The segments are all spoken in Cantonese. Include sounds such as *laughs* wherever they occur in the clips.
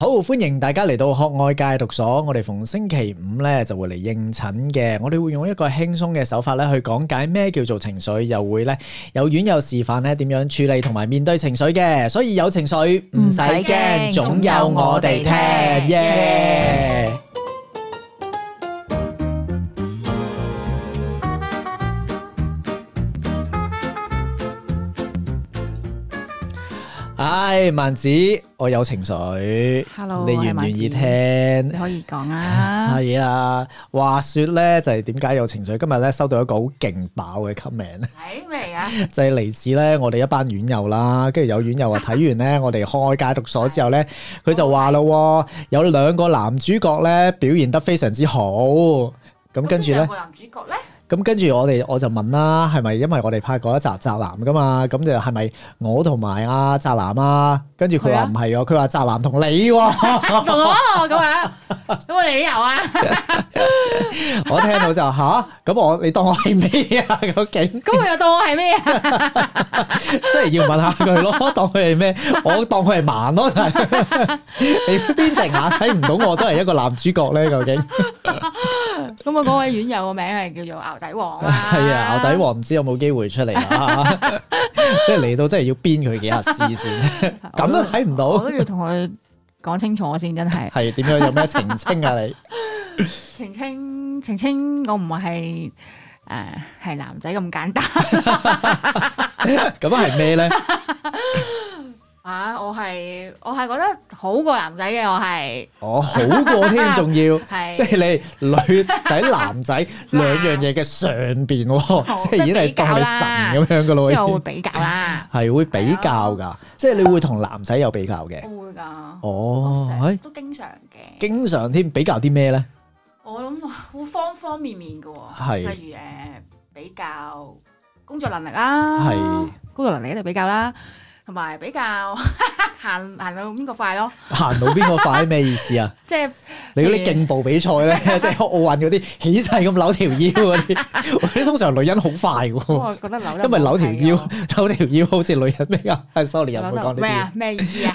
好，歡迎大家嚟到學愛戒毒所。我哋逢星期五咧就會嚟應診嘅。我哋會用一個輕鬆嘅手法咧去講解咩叫做情緒，又會咧有演有示範咧點樣處理同埋面對情緒嘅。所以有情緒唔使驚，總有我哋聽嘅。呢 Yeah! yeah! 誒，hey，萬子，我有情緒，Hello，你願唔願意聽？你可以講啊，係 *laughs* 啊。話說咧，就係點解有情緒？今日咧收到一個好勁爆嘅 comment 咧，係咩嚟啊？ *laughs* 就係嚟自咧我哋一班院友啦。跟住有院友話睇完咧，我哋開解毒所之後咧，佢 *laughs* 就話咯，有兩個男主角咧表現得非常之好。咁跟住咧，男主角咧。咁跟住我哋，我就問啦，係咪因為我哋拍過一集宅男㗎嘛？咁就係咪我同埋阿宅男啊？跟住佢話唔係喎，佢話宅男同你喎，同我咁樣，咁我冇理由啊？我聽到就嚇，咁我你當我係咩啊？究竟咁我又當我係咩啊？即係要問下佢咯，當佢係咩？我當佢係盲咯，係你邊隻眼睇唔到我都係一個男主角咧？究竟咁我嗰位院友個名係叫做阿底王係啊，牛底王唔知有冇機會出嚟啊！ *laughs* 即係嚟到， *laughs* *laughs* 到，真係要鞭佢幾下詩先，咁都睇唔到。我都要同佢講清楚先，真係係點樣？有咩澄清啊？你 *laughs* 澄清澄清，我唔係誒係男仔咁簡單。咁啊係咩咧？ *laughs* 啊！我係我係覺得好過男仔嘅，我係我好過添，仲要，即係你女仔男仔兩樣嘢嘅上邊，即係已經係當你神咁樣噶咯。即係會比較啦，係會比較噶，即係你會同男仔有比較嘅，會噶哦，都經常嘅，經常添比較啲咩咧？我諗啊，好方方面面噶，係例如誒，比較工作能力啦，係工作能力喺度比較啦。同埋比較行行到邊個快咯？行到邊個快咩意思啊？即係、 *laughs* 就是、你嗰啲競步比賽咧， *laughs* 即係奧運嗰啲起勢咁扭條腰嗰啲，嗰啲 *laughs* 通常女人好快嘅喎。覺得扭得因為扭條腰扭條腰好似女人比較？係 sorry 啊，唔講呢啲。咩啊？咩嘢啊？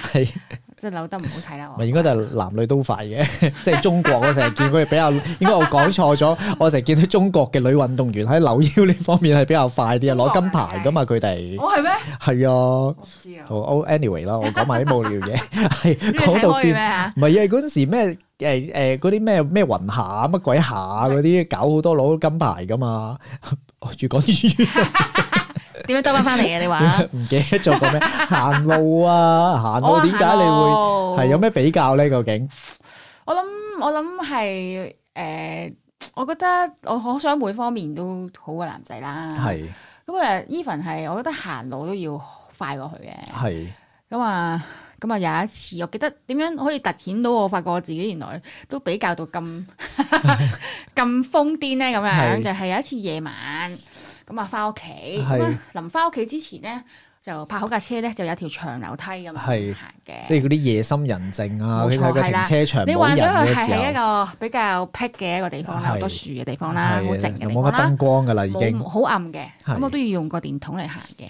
即係扭得唔好睇啦，唔係應該就係男女都快嘅，即係中國 *laughs* 我成日見佢哋比較，應該我講錯咗，我成日見到中國嘅女運動員喺扭腰呢方面係比較快啲啊，攞金牌㗎嘛佢哋，我係咩？係啊，好，Anyway 啦，我講埋啲無聊嘢，係嗰度變，唔係啊嗰陣時咩誒誒嗰啲咩咩雲霞乜鬼下？嗰啲搞好多攞金牌㗎嘛， *laughs* 越講說越～ *laughs* 點樣兜翻翻嚟嘅？你話唔 *laughs* 記得做過咩？行路啊， *laughs* 行路，點解你會係有咩比較咧？究竟 *laughs* 我諗，我諗係誒，我覺得我好想每方面都好過男仔啦。係咁啊 Even 係，我覺得行路都要快過去嘅。係咁啊！咁啊！有一次，我記得點樣可以突顯到我，我發覺我自己原來都比較到咁咁瘋癲咧？咁 *laughs* 樣是就係有一次夜晚。咁啊，翻屋企，臨翻屋企之前咧，就泊好架車咧，就有條長樓梯咁樣行嘅。即係嗰啲夜深人靜啊，冇錯，係啦。停車場冇人嘅時候，你幻想佢係喺一個比較僻嘅一個地方，好多樹嘅地方啦，冇人嘅啦，冇乜燈光嘅啦，已經好暗嘅，咁我都要用個電筒嚟行嘅。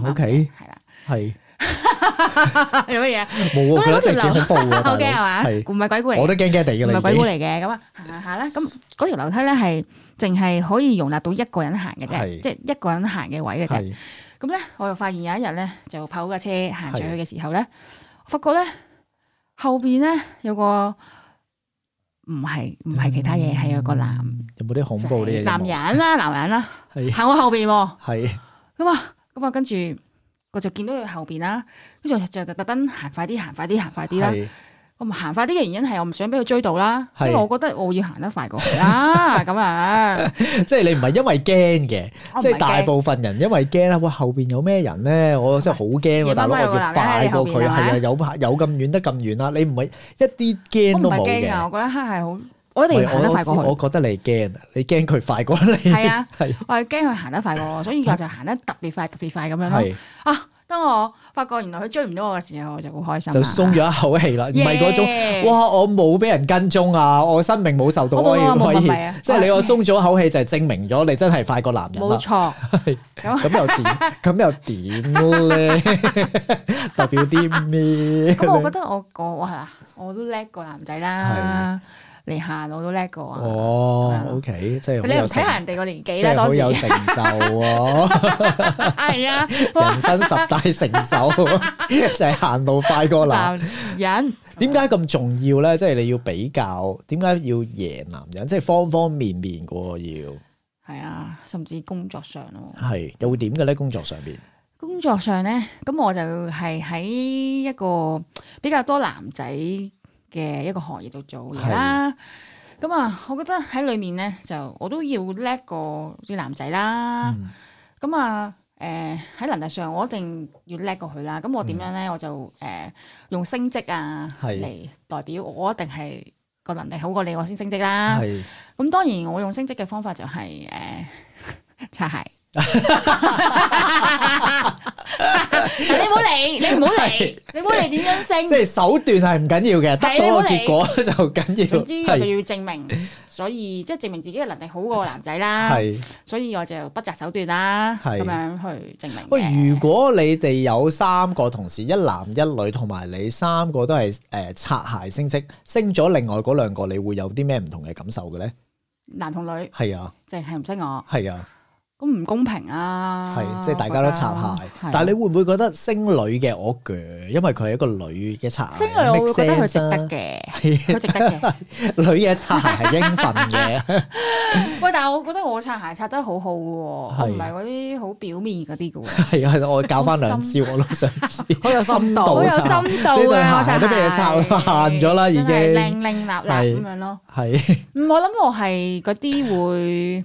哇，OK，係啦，係。有乜嘢？冇啊！覺得真係幾恐怖啊！我驚係嘛，唔係鬼故嚟。我都驚驚哋嘅，唔係鬼故嚟嘅。咁啊，行啦。咁嗰條樓梯咧，係淨係可以容納到一個人行嘅啫，即係一個人行嘅位嘅啫。咁咧，我又發現有一日咧，就跑架車行上去嘅時候咧，發覺咧後邊咧有個唔係唔係其他嘢，係有個男，有冇啲恐怖啲男人啦，男人啦，行我後邊喎。係咁啊，咁啊，跟住。我就見到佢後邊啦，跟住就就特登行快啲，行快啲，行快啲啦。是我唔行快啲嘅原因係我唔想俾佢追到啦，是因為我覺得我要行得快過佢啊。咁啊， *laughs* *laughs* 即係你唔係因為驚嘅，即係大部分人因為驚啦。哇，後邊有咩人咧？我真係好驚，大佬，我，我要快過佢，係啊，有有咁遠得咁遠啦。你唔係一啲驚都冇啊？我覺得黑係好。我一定行得快過去。我覺得你驚，你驚佢快過你。係啊，係。我係驚佢行得快過我，所以我就行得特別快，特別快咁樣咯。係啊。當我發覺原來佢追唔到我嘅時候，我就好開心，就鬆咗一口氣啦。唔係嗰種哇，我冇俾人跟蹤啊，我生命冇受到威脅。即係你我鬆咗一口氣，就係證明咗你真係快過男人。冇錯。咁又點？咁又點咧？代表啲咩？咁我覺得我個哇啦，我都叻過男仔啦。你行路都叻過啊！哦，OK，即係好有成。你又睇下人哋個年紀咧，當時。即係好有成就啊！係啊，人生十大成就，就係行路快過男。男人？點解咁重要咧？即係你要比較，點解要贏男人？即係方方面面個要。係啊，甚至工作上咯。係又會點嘅咧？工作上邊？工作上咧，咁我就係喺一個比較多男仔。嘅一個行業度做嘢啦，咁啊是、嗯，我覺得喺裏面呢，就我都要叻過啲男仔啦，咁啊、嗯，誒喺、呃、能力上我一定要叻過佢啦，咁我點樣呢？嗯、我就誒、呃、用升職啊嚟是代表我一定係個能力好過你，我先升職啦。咁是、嗯、當然我用升職嘅方法就係誒擦鞋。你唔好嚟，你唔好嚟，你唔好嚟，點樣升？即係手段係唔緊要嘅，得個結果就緊要。總之就要證明，所以即係證明自己嘅能力好過個男仔啦。係，所以我就不擇手段啦，咁樣去證明。喂，如果你哋有三個同事，一男一女同埋你三個都係誒擦鞋升職，升咗另外嗰兩個，你會有啲咩唔同嘅感受嘅咧？男同女係啊，即係唔識我係啊。咁唔公平啊！係，即係大家都擦鞋，但係你會唔會覺得星女嘅我腳，因為佢係一個女嘅擦鞋。星女我會覺得佢值得嘅，佢值得嘅。女嘅擦鞋係應份嘅。喂，但係我覺得我擦鞋擦得好好嘅，我唔係嗰啲好表面嗰啲嘅。係係，我教翻兩招我都想知，好有深度啊！好有深度啊！擦鞋都咩嘢擦啦，限咗啦，已經靚靚立立咁樣咯。係，唔我諗我係嗰啲會。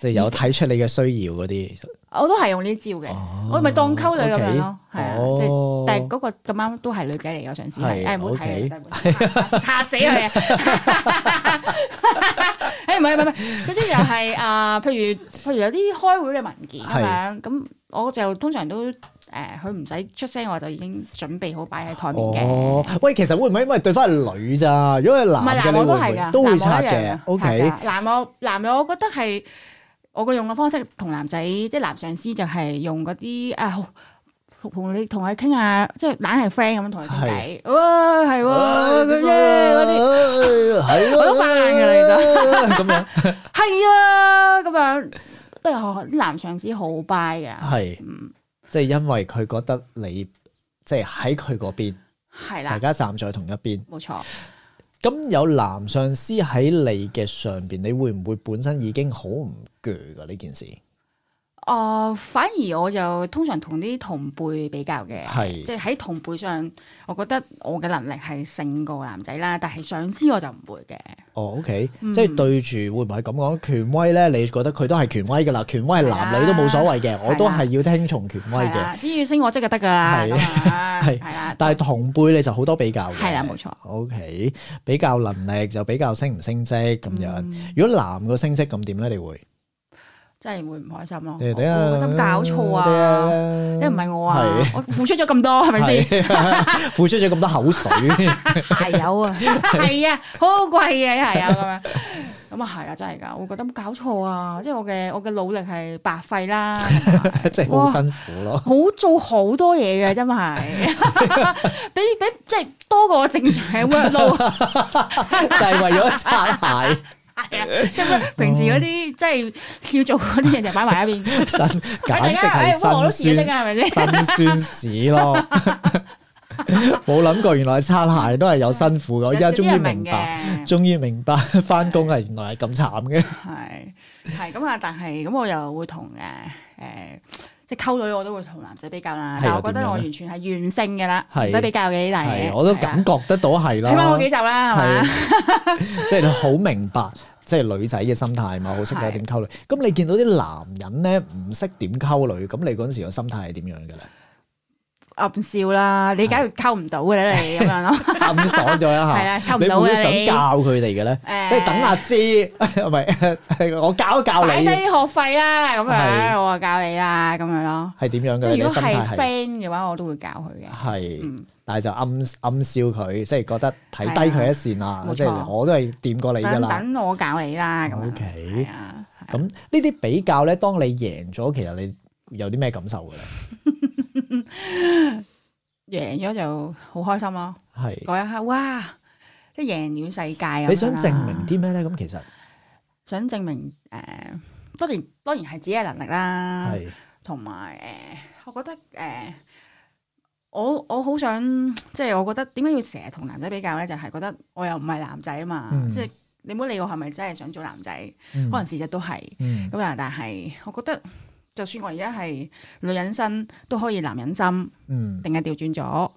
即係有睇出你嘅需要嗰啲，我都係用呢招嘅，我咪當溝女咁樣咯，係啊，即係，但係嗰個咁啱都係女仔嚟嘅，上次係，誒唔好睇，嚇死佢啊！誒唔係唔係唔係，總之就係啊，譬如譬如有啲開會嘅文件咁樣，咁我就通常都誒，佢唔使出聲，我就已經準備好擺喺台面嘅。哦，喂，其實會唔會因為對方係女咋？如果係男嘅會唔會都會拆嘅？O K，男我男我覺得係。我個用嘅方式同男仔，即係男上司就係用嗰啲啊，同、哎、你同佢傾下，即係硬係 friend 咁樣同佢傾偈，係喎，咁樣嗰啲係喎，好扮嘅嚟噶，咁樣係啊，咁樣都係啲男上司好 buy 嘅，係，即係因為佢覺得你即係喺佢嗰邊，係啦，大家站在同一邊，冇錯。咁有男上司喺你嘅上邊，你會唔會本身已經好唔懼噶呢件事？啊，反而我就通常同啲同輩比較嘅，即係喺同輩上，我覺得我嘅能力係勝過男仔啦，但係上司我就唔會嘅。哦，OK，即係對住會唔會係咁講權威咧？你覺得佢都係權威噶啦？權威係男女都冇所謂嘅，我都係要聽從權威嘅。只要升我職就得噶啦，係係啦。但係同輩你就好多比較嘅，係啊，冇錯。OK，比較能力就比較升唔升職咁樣。如果男嘅升職咁點咧？你會？真係會唔開心咯！我覺得搞錯啊，因為唔係我啊，我付出咗咁多，係咪先？付出咗咁多口水鞋油啊，係啊，好貴嘅鞋油咁樣，咁啊係啊，真係噶，我覺得搞錯啊，即係我嘅我嘅努力係白費啦，即係好辛苦咯，好做好多嘢嘅真係，比比即係多過正常嘅 workload，就係為咗擦鞋。即係平時嗰啲，即係要做嗰啲嘢，就擺埋一邊，簡直係辛酸，辛酸屎咯。冇諗過，原來擦鞋都係有辛苦嘅。我而家終於明白，終於明白翻工係原來係咁慘嘅。係係咁啊！但係咁我又會同誒誒即係溝女，我都會同男仔比較啦。但係我覺得我完全係怨性嘅啦，男仔比較有幾大嘅。我都感覺得到係咯，起碼冇幾集啦，係嘛？即係你好明白。即係女仔嘅心態嘛，好識點點溝女。咁你見到啲男人咧唔識點溝女，咁你嗰陣時嘅心態係點樣嘅咧？暗笑啦，你梗係溝唔到嘅咧，你咁樣咯，暗爽咗一下。係啦，溝唔到嘅你。你會想教佢哋嘅咧？即係等下先，唔係，我教一教你，擺低啲學費啦，咁樣我啊教你啦，咁樣咯。係點樣嘅？如果係 friend 嘅話，我都會教佢嘅。係。但係就暗暗笑佢，即係覺得睇低佢一綫啦。即係我都係掂過你噶啦。等我教你啦。OK。咁呢啲比較咧，當你贏咗，其實你有啲咩感受噶啦？贏咗就好開心咯。係，講一下哇，即係贏了世界。你想證明啲咩咧？咁其實想證明誒，當然當然係自己嘅能力啦。係，同埋誒，我覺得誒。我我好想即係，我覺得點解要成日同男仔比較咧？就係覺得我又唔係男仔啊嘛，即係你唔好理我係咪真係想做男仔，可能事實都係咁啊！但係我覺得就算我而家係女人身，都可以男人心，定係調轉咗。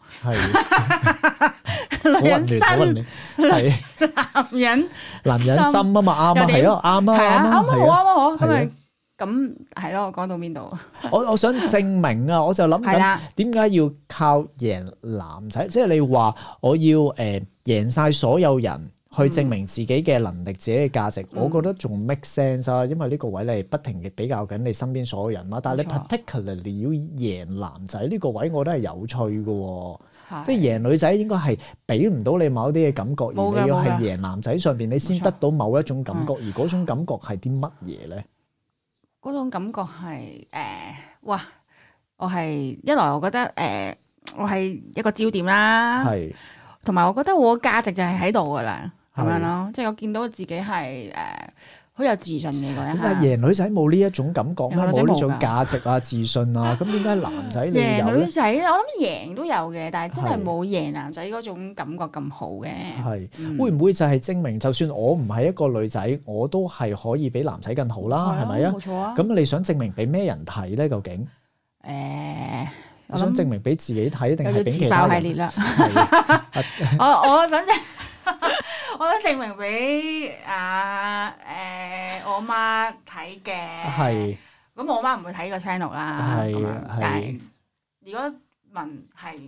女人身，男人男人心啊嘛，啱啊，係啊，啱啊，啱啊，好啱啊，好！係咪？咁係咯，我講到邊度？ *laughs* 我我想證明啊，我就諗緊點解要靠贏男仔，即係你話我要誒、呃、贏晒所有人去證明自己嘅能力、嗯、自己嘅價值。我覺得仲 make sense 啊，因為呢個位你係不停嘅比較緊你身邊所有人嘛。但係你 particularly 要贏男仔呢、呢個位，我覺得係有趣嘅喎。錯即係贏女仔應該係俾唔到你某啲嘅感覺，而你要係贏男仔上邊，你先得到某一種感覺。錯而嗰種感覺係啲乜嘢咧？嗰種感覺係誒、呃，哇！我係一來我覺得誒、呃，我係一個焦點啦，係是，同埋我覺得我個價值就係喺度噶啦，咁樣咯，吧即係我見到自己係誒、呃好有自信嘅嗰一刻。但係贏女仔冇呢一種感覺咩？冇呢種價值啊，自信啊，咁點解男仔你有？贏女仔，我諗贏都有嘅，但係真係冇贏男仔嗰種感覺咁好嘅。係會唔會就係證明，就算我唔係一個女仔，我都係可以比男仔更好啦？係咪啊？冇錯啊！咁你想證明俾咩人睇咧？究竟？誒，我想證明俾自己睇定係俾其他人？自暴自虐啦！我我反正。我想證明俾啊，誒我媽睇嘅，咁我媽唔會睇呢個 channel 啦。係啊，如果問係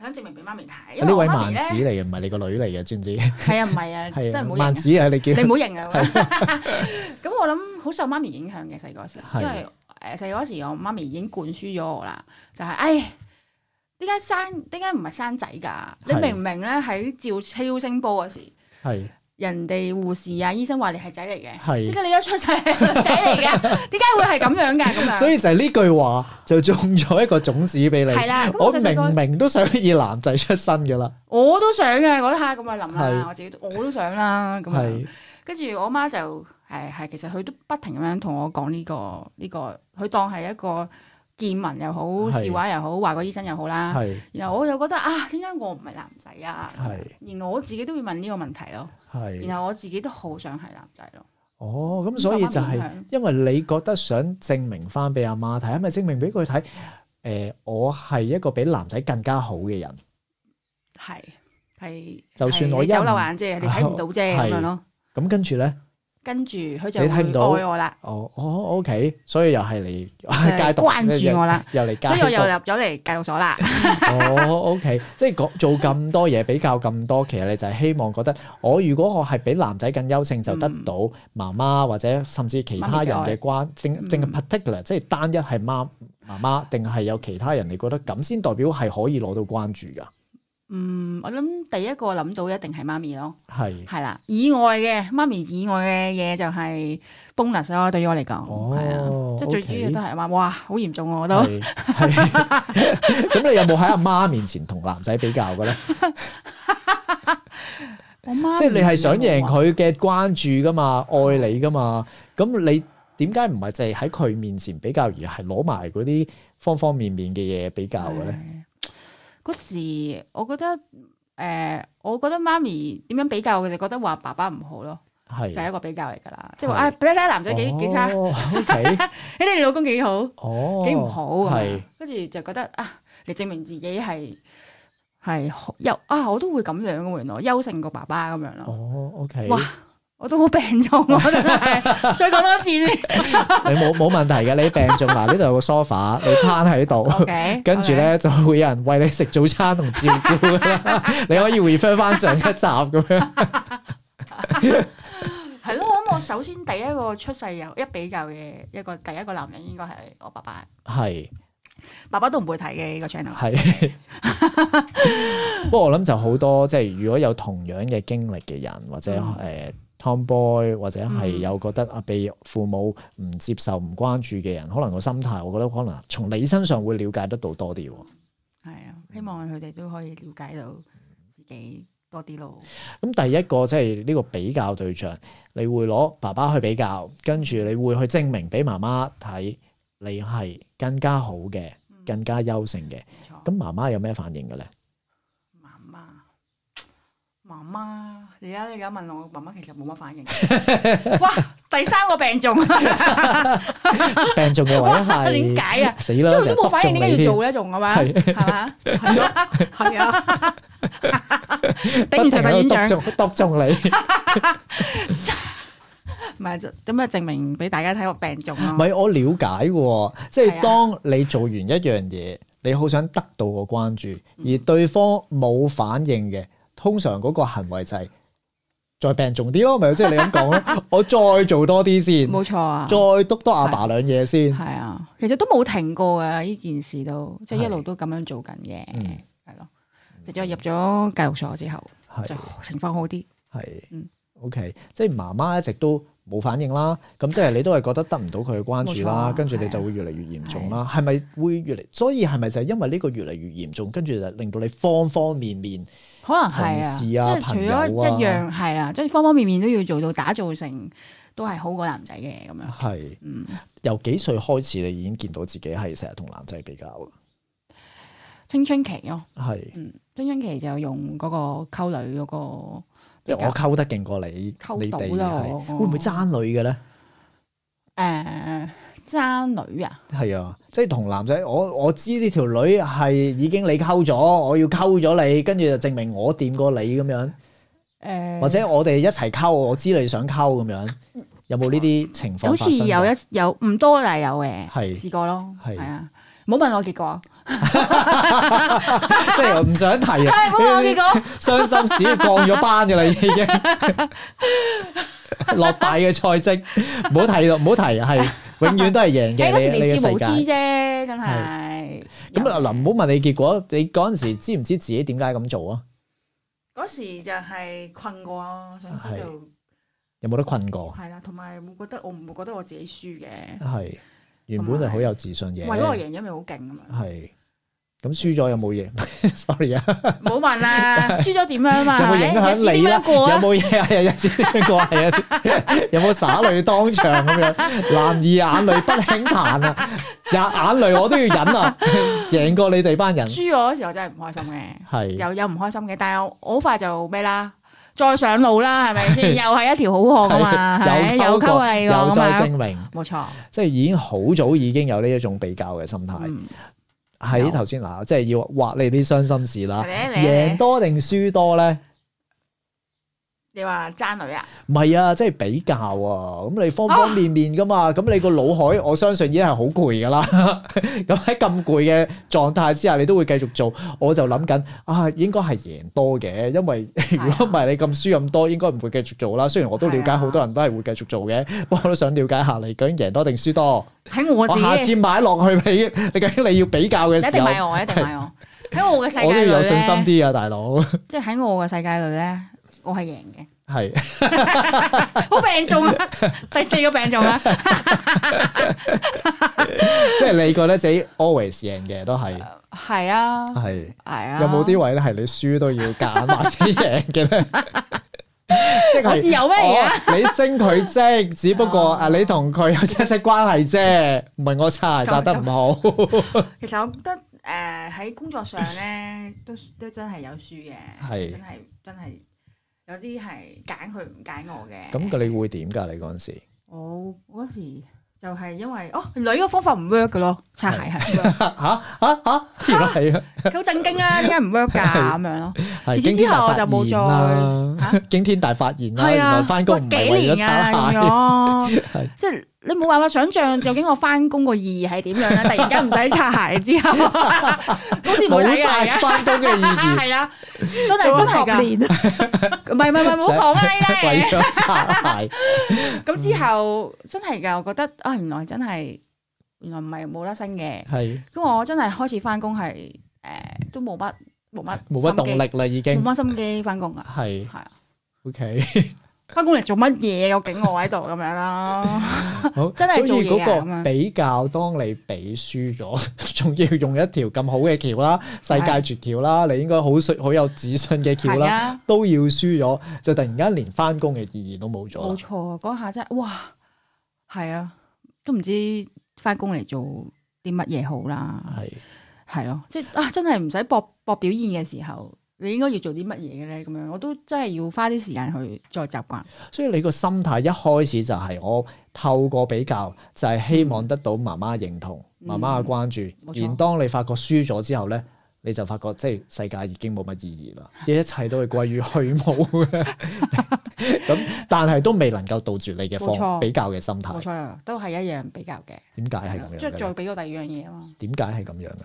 想證明俾媽咪睇，呢位萬子嚟嘅，唔係你個女嚟嘅，知唔知？係啊，唔係啊，即係萬子啊！你叫 *laughs* 你唔好認 *laughs* 啊！咁 *laughs* 我諗好受媽咪影響嘅細個時，因為誒細個嗰時我媽咪已經灌輸咗我啦，就係誒點解生點解唔係生仔㗎？你明唔明咧？喺照超聲波嗰時。係是人哋護士啊醫生話你係仔嚟嘅。係點解你一出世係仔嚟嘅？點解 *laughs* 會係咁樣嘅？咁樣 *laughs* 所以就係呢句話就種咗一個種子俾你。係啦，我，我明明都想以男仔出身噶啦是，我都想嘅嗰一刻咁啊諗啦，是我自己我都想啦咁啊。跟住我媽就誒係，其實佢都不停咁樣同我講呢個呢個，佢、這個、當係一個。見聞又好，笑話又好，話個醫生又好啦。然後我就覺得啊，點解我唔係男仔啊？然後我自己都會問呢個問題咯。然後我自己都好想係男仔咯。哦，咁所以就係因為你覺得想證明翻俾阿媽睇，係咪證明俾佢睇？誒，我係一個比男仔更加好嘅人。係係，就算我走漏眼啫，你睇唔到啫咁樣咯。咁跟住咧。跟住佢就你睇唔到，愛我啦。哦，哦，OK，所以又係嚟戒毒，關注我啦，又嚟。所以我又入咗嚟戒毒所啦。哦，OK，即係講做咁多嘢，比較咁多，其實你就係希望覺得，我如果我係比男仔更優勝，就得到媽媽或者甚至其他人嘅關，正定係 particular，即係單一係媽媽媽，定係有其他人？你覺得咁先代表係可以攞到關注噶？嗯，我諗第一個諗到一定係媽咪咯，係係啦，以外嘅媽咪以外嘅嘢，就係 bonus 咯，對於我嚟講，係啊，即係最主要都係話，哇，好嚴重我都。係咁你有冇喺阿媽面前同男仔比較嘅咧？即係你係想贏佢嘅關注噶嘛，愛你噶嘛咁你點解唔係淨係喺佢面前比較而係攞埋嗰啲方方面面嘅嘢比較嘅咧？有時我覺得誒，我覺得媽、呃、咪點樣比較，就覺得話爸爸唔好咯，係的就係一個比較嚟噶啦，的即係話誒，男仔幾、哦、幾差，哦 okay、 *laughs* 你老公幾好，哦、幾唔好，係的，跟住就覺得啊，你證明自己係係優啊，我都會咁樣，原來優勝過爸爸咁樣咯，哦，OK，哇。我都好病重，我真係再講多次先。你冇冇問題嘅，你病重嗱，呢度有個 sofa，你攤喺度，跟住咧就會有人為你食早餐同照顧啦。你可以 refer 翻上一集咁樣。係咯，我諗我首先第一個出世又一比較嘅一個第一個男人，應該係我爸爸。係爸爸都唔會睇嘅呢個 channel。係，不過我諗就好多即係如果有同樣嘅經歷嘅人或者誒。Tomboy 或者係有覺得啊被父母唔接受、唔關注嘅人，可能個心態，我覺得可能從你身上會瞭解得到多啲喎。啊、嗯，希望佢哋都可以瞭解到自己多啲咯。咁、嗯嗯、第一個即係呢個比較對象，你會攞爸爸去比較，跟住你會去證明俾媽媽睇你係更加好嘅、更加優勝嘅。嗯嗯、冇錯，咁媽媽有咩反應嘅咧？媽媽，媽媽。而家你而家問我，媽媽其實冇乜反應。哇，第三個病重。病重嘅話係點解啊？死啦！都冇反應，點解要做咧？仲咁啊？係啊，係啊。頂唔順就揼中你。唔係，咁啊，證明俾大家睇我病重咯。唔係，我瞭解嘅，即係當你做完一樣嘢，你好想得到個關注，而對方冇反應嘅，通常嗰個行為就係。再病重啲咯，咪即係你咁講，我再做多啲先，冇錯啊，再督多阿爸兩嘢先。係啊，其實都冇停過㗎呢件事都，即係一路都咁樣做緊嘅，係咯，直至入咗教育所之後，就情況好啲。係，嗯，OK，即係媽媽一直都冇反應啦，咁即係你都係覺得得唔到佢嘅關注啦，跟住你就會越嚟越嚴重啦。係咪會越嚟？所以係咪就係因為呢個越嚟越嚴重，跟住就令到你方方面面？可能係啊，即係除咗一樣，係啊，即係方方面面都要做到，打造成都係好過男仔嘅咁樣。係，嗯，由幾歲開始你已經見到自己係成日同男仔比較青春期咯，係，嗯，青春期就用嗰個溝女嗰個，我溝得勁過你，溝到啦，會唔會爭女嘅咧？誒。爭女啊！係啊，即係同男仔，我我知呢條女係已經你溝咗，我要溝咗你，跟住就證明我掂過你咁樣。誒、欸，或者我哋一齊溝，我知你想溝咁樣，有冇呢啲情況？好似有一有唔多，但係有嘅，是試過咯。係啊，唔好、啊、問我結果， *laughs* *laughs* 即係唔想提。冇 *laughs* *laughs* 結果， *laughs* 傷心事降咗班㗎啦，已經。 *laughs* 落敗嘅賽績，唔好提咯，唔好提啊，係永遠都係贏嘅。你嗰時無知啫，真係。咁嗱，唔好問你結果，你嗰陣時知唔知自己點解咁做啊？嗰時就係困過，我想知道有冇得困過？係啦，同埋我覺得我唔會覺得我自己輸嘅。係，原本就好有自信嘅。為咗我贏咗咪好勁啊嘛。係。咁輸咗有冇嘢，sorry 啊，唔好問啦。輸咗點樣嘛？有冇影響你啊？有冇嘢啊？有冇灑淚當場咁樣？男兒眼淚不輕彈啊！眼眼淚我都要忍啊！贏過你哋班人。輸嗰時候真係唔開心嘅，係有有唔開心嘅，但係我好快就咩啦？再上路啦，係咪先？又係一條好漢噶嘛，係有溝位，有就證明冇錯，即係已經好早已經有呢一種比較嘅心態。喺頭先嗱，即係要挖你啲傷心事啦。贏多定輸多咧？你話爭女啊？唔係啊，即係比較啊。咁你方方面面噶嘛，咁你個腦海，我相信已經係好攰噶啦。咁喺咁攰嘅狀態之下，你都會繼續做。我就諗緊啊，應該係贏多嘅，因為如果唔係你咁輸咁多，應該唔會繼續做啦。雖然我都了解好多人都係會繼續做嘅，不過我都想了解下你究竟贏多定輸多。喺我自己，我下次買落去畀，你究竟你要比較嘅時候，一定買我，一定買我。喺我嘅世界裏咧，我都要有信心啲啊，大佬。即係喺我嘅世界裏咧。我係贏嘅，係好 *laughs* *laughs* 病重啊！第四個病重啊！ *laughs* *laughs* 即係你覺得自己 always 贏嘅都係，係、呃、啊，係係啊，啊有冇啲位咧係你輸都要揀或者贏嘅咧？即係好似有咩嘢、 *laughs* 哦、你升佢職，只不過啊，你同佢有親戚關係啫，唔係我差，差得唔好。其實我覺得誒喺工作上咧都都真係有輸嘅，係 *laughs* 是真係真係。真有啲係揀佢唔揀我嘅，咁你會點㗎？你嗰陣時，oh, 我嗰時就係因為哦、啊，女個方法唔 work 㗎咯，擦鞋係吓？吓、 *laughs* 啊？嚇、啊、嚇，佢好震驚啦，點解唔 work 㗎咁樣咯？自此之後我就冇再驚天大發現啦，係啊，翻工唔為咗擦鞋，即係你冇辦法想象究竟我翻工個意義係點樣咧？突然間唔使擦鞋之後，好似冇晒翻工嘅意義係啦，真係真係噶，唔係唔係唔好講啦，因為貴過擦鞋。咁之後真係噶，我覺得啊，原來真係原來唔係冇得升嘅，係，咁我真係開始翻工係誒都冇乜。冇乜冇乜動力啦，已經冇乜心機翻工啊，係係啊，OK，翻工嚟做乜嘢？有警我喺度咁樣啦，好真係做嘢咁啊！所以嗰個比較，當你畀輸咗，仲要用一條咁好嘅橋啦，世界絕橋啦，你應該好信好有自信嘅橋啦，都要輸咗，就突然間連翻工嘅意義都冇咗。冇錯，嗰下真係哇，係啊，都唔知翻工嚟做啲乜嘢好啦，係。係咯，即係啊！真係唔使搏搏表現嘅時候，你應該要做啲乜嘢嘅咧？咁樣我都真係要花啲時間去再習慣。所以你個心態一開始就係我透過比較，就係、是、希望得到媽媽認同、嗯、媽媽嘅關注。嗯、然當你發覺輸咗之後咧。你就發覺，即係世界已經冇乜意義啦，嘢 *laughs* 一切都係歸於虛無嘅。咁 *laughs* *laughs* 但係都未能夠堵住你嘅錯比較嘅心態。冇錯都係一樣比較嘅。點解係咁樣？即係再俾個第二樣嘢啊嘛。點解係咁樣嘅咧？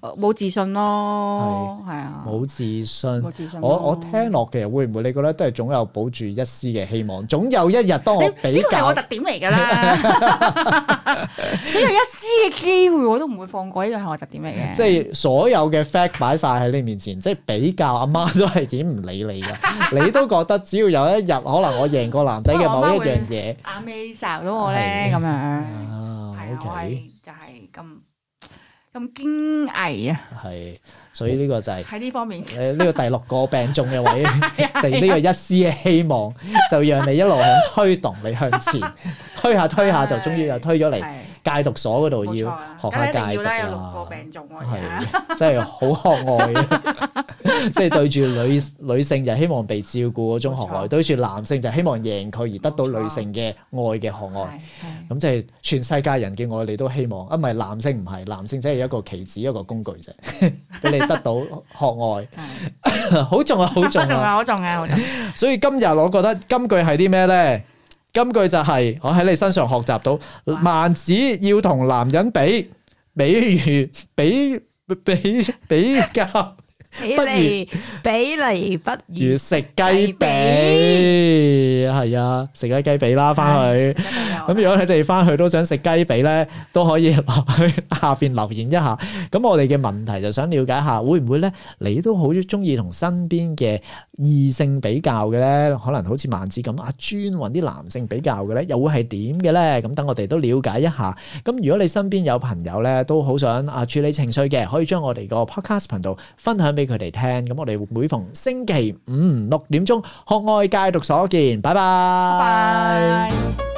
冇自信咯，係啊，冇自信，冇自信。我我聽落其實會唔會你覺得都係總有保住一絲嘅希望，總有一日當我比較，呢個係我特點嚟噶啦。只要一絲嘅機會，我都唔會放過。呢個係我特點嚟嘅。即係所有嘅 fact 擺晒喺你面前，即係比較。阿媽都係已經唔理你嘅，你都覺得只要有一日可能我贏過男仔嘅某一樣嘢，阿媽會殺到我咧咁樣。係啊，我係就係咁。咁驚危啊！係，所以呢個就係喺呢方面誒呢個第六個病重嘅位， *laughs* 就係呢個一絲嘅希望， *laughs* 就讓你一路喺推動 *laughs* 你向前，推下推下 *laughs* 就終於又推咗嚟。 *laughs* 戒毒所嗰度要學下戒毒啊！即係個病種喎，真係好學愛嘅，即係對住女女性就希望被照顧嗰種學愛，對住男性就希望贏佢而得到女性嘅愛嘅學愛。咁即係全世界人嘅愛，你都希望，唔係男性唔係男性，只係一個棋子，一個工具啫，俾你得到學愛。好重啊！好重啊！好重啊！好重！所以今日我覺得金句係啲咩咧？今句就係我喺你身上學習到，萬哇子要同男人比，比如比，比比比較。 *laughs* 不如，比例不如食雞髀，係啊，食下雞髀啦，翻去。咁如果你哋翻去都想食雞髀咧，都可以落去下邊留言一下。咁我哋嘅問題就想了解下，會唔會咧？你都好中意同身邊嘅異性比較嘅咧？可能好似萬子咁啊，專揾啲男性比較嘅咧，又會係點嘅咧？咁等我哋都了解一下。咁如果你身邊有朋友咧，都好想啊處理情緒嘅，可以將我哋個 podcast 頻道分享俾。俾佢哋聽，咁我哋每逢星期五六點鐘，學外界讀所見，拜拜。